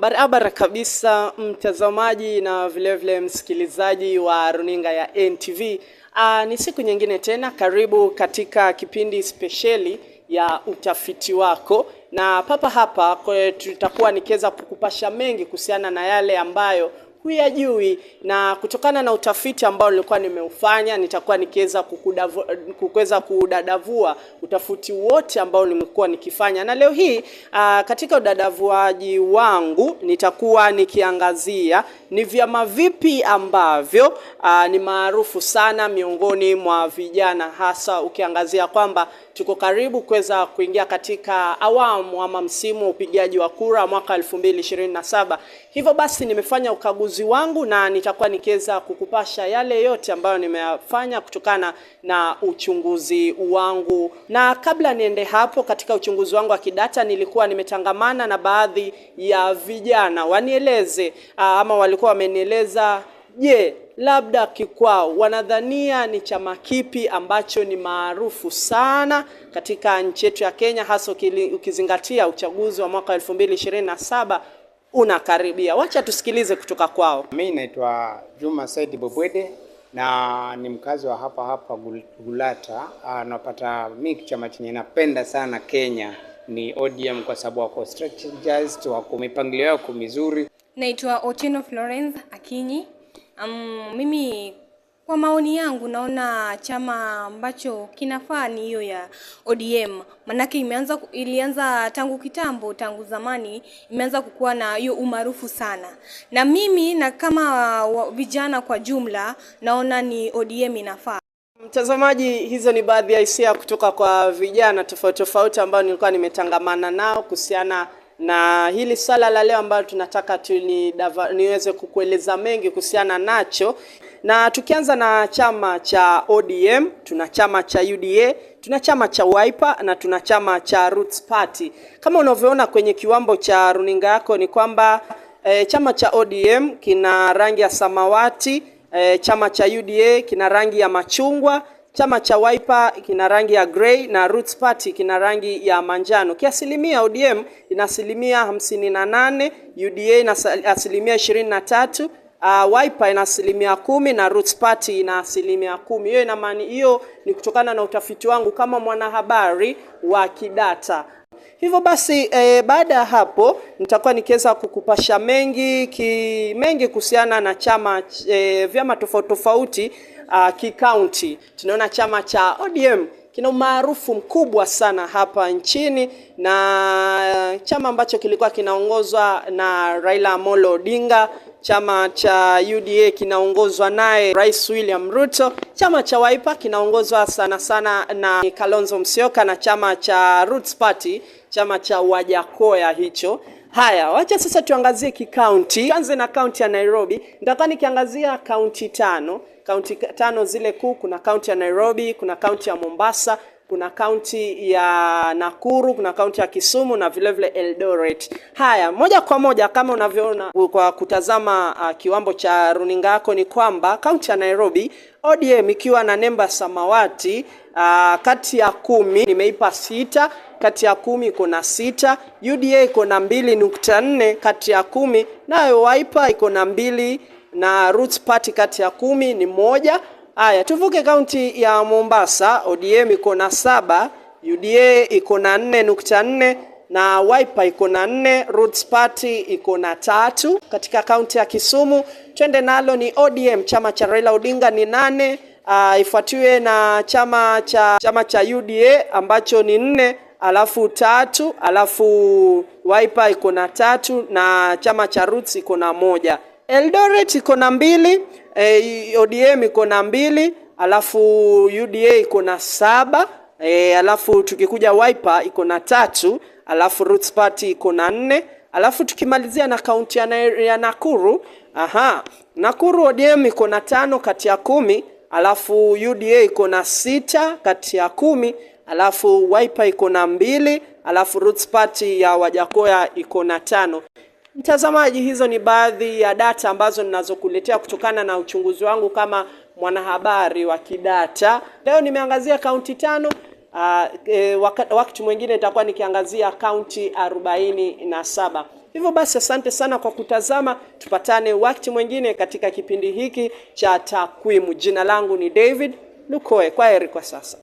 Barabara kabisa mtazamaji na vilevile vile msikilizaji wa runinga ya NTV. Aa, ah, ni siku nyingine tena, karibu katika kipindi spesheli ya utafiti wako, na papa hapa tutakuwa nikiweza kukupasha mengi kuhusiana na yale ambayo huyajui, na kutokana na utafiti ambao nilikuwa nimeufanya nitakuwa nikiweza kukuweza kudadavua utafiti wote ambao nimekuwa nikifanya, na leo hii uh, katika udadavuaji wangu nitakuwa nikiangazia ni vyama vipi ambavyo uh, ni maarufu sana miongoni mwa vijana, hasa ukiangazia kwamba tuko karibu kuweza kuingia katika awamu ama msimu wa upigaji wa kura mwaka 2027. Hivyo basi nimefanya ukaguzi ujuzi wangu na nitakuwa nikiweza kukupasha yale yote ambayo nimeyafanya kutokana na uchunguzi wangu. Na kabla niende hapo, katika uchunguzi wangu wa kidata nilikuwa nimetangamana na baadhi ya vijana wanieleze ah, ama walikuwa wamenieleza je, yeah, labda kikwao wanadhania ni chama kipi ambacho ni maarufu sana katika nchi yetu ya Kenya, hasa ukizingatia uchaguzi wa mwaka 2027 unakaribia. Wacha tusikilize kutoka kwao. Mimi naitwa Juma Said Bobwede na ni mkazi wa hapa hapa Gulata. Ah, napata mimi chama chenye napenda sana Kenya ni ODM kwa sababu wako strategized, wako mipangilio yako mizuri. Naitwa Otino Florence Akinyi. Um, mimi kwa maoni yangu naona chama ambacho kinafaa ni hiyo ya ODM, manake imeanza ilianza tangu kitambo, tangu zamani imeanza kukuwa na hiyo umaarufu sana, na mimi na kama vijana kwa jumla naona ni ODM inafaa. Mtazamaji, hizo ni baadhi ya hisia kutoka kwa vijana tofauti tofauti ambao nilikuwa nimetangamana nao kuhusiana na hili swala la leo ambalo tunataka tu ni dava, niweze kukueleza mengi kuhusiana nacho, na tukianza na chama cha ODM, tuna chama cha UDA, tuna chama cha Wiper na tuna chama cha Roots Party. Kama unavyoona kwenye kiwambo cha runinga yako ni kwamba e, chama cha ODM kina rangi ya samawati e, chama cha UDA kina rangi ya machungwa Chama cha Wiper kina rangi ya grey na Roots Party kina rangi ya manjano. Kiasilimia ODM ina asilimia hamsini na nane, UDA ina asilimia ishirini na tatu, Uh, Wiper ina asilimia kumi na Roots Party ina asilimia kumi. Hiyo ina maana hiyo ni kutokana na utafiti wangu kama mwanahabari wa kidata. Hivyo basi eh, baada ya hapo nitakuwa nikiweza kukupasha mengi ki, mengi kuhusiana na chama e, vyama tofauti tofauti kikaunti. Tunaona chama cha ODM kina umaarufu mkubwa sana hapa nchini na chama ambacho kilikuwa kinaongozwa na Raila Amolo Odinga. Chama cha UDA kinaongozwa naye Rais William Ruto. Chama cha Wiper kinaongozwa sana sana na Kalonzo Musyoka, na chama cha Roots Party, chama cha Wajakoya hicho Haya, wacha sasa tuangazie kikaunti. Tuanze na kaunti ya Nairobi. Nitakuwa nikiangazia kaunti tano, kaunti tano zile kuu. Kuna kaunti ya Nairobi, kuna kaunti ya Mombasa, kuna kaunti ya Nakuru, kuna kaunti ya Kisumu na vile vile Eldoret. Haya, moja kwa moja kama unavyoona kwa kutazama uh, kiwambo cha runinga yako ni kwamba kaunti ya Nairobi ODM ikiwa na nemba samawati uh, kati ya kumi nimeipa sita kati ya kumi iko na sita, UDA iko na mbili nukta nne kati ya kumi, nayo Wiper iko na mbili na Roots Party kati ya kumi ni moja. Haya, tuvuke kaunti ya Mombasa, ODM iko na saba, UDA iko na nne nukta nne na Wiper iko na nne, Roots Party iko na tatu. Katika kaunti ya Kisumu twende nalo ni ODM, chama cha Raila Odinga ni nane, uh, ifuatiwe na chama cha chama cha UDA ambacho ni nne alafu tatu, alafu Wiper iko na tatu na chama cha Roots iko na moja. Eldoret iko na mbili, e, eh, ODM iko na mbili, alafu UDA iko na saba, e, alafu tukikuja Wiper iko na tatu, alafu Roots Party iko na nne, alafu tukimalizia na kaunti ya, ya Nakuru. Aha, Nakuru ODM iko na tano kati ya kumi, alafu UDA iko na sita kati ya kumi alafu waipa iko na mbili, alafu roots party ya Wajakoya iko na tano. Mtazamaji, hizo ni baadhi ya data ambazo ninazokuletea kutokana na uchunguzi wangu kama mwanahabari wa kidata. Leo nimeangazia kaunti tano. Uh, e, wakati mwingine nitakuwa nikiangazia kaunti arobaini na saba. Hivyo basi asante sana kwa kutazama, tupatane wakati mwingine katika kipindi hiki cha takwimu. Jina langu ni David Lukoe, heri kwa sasa.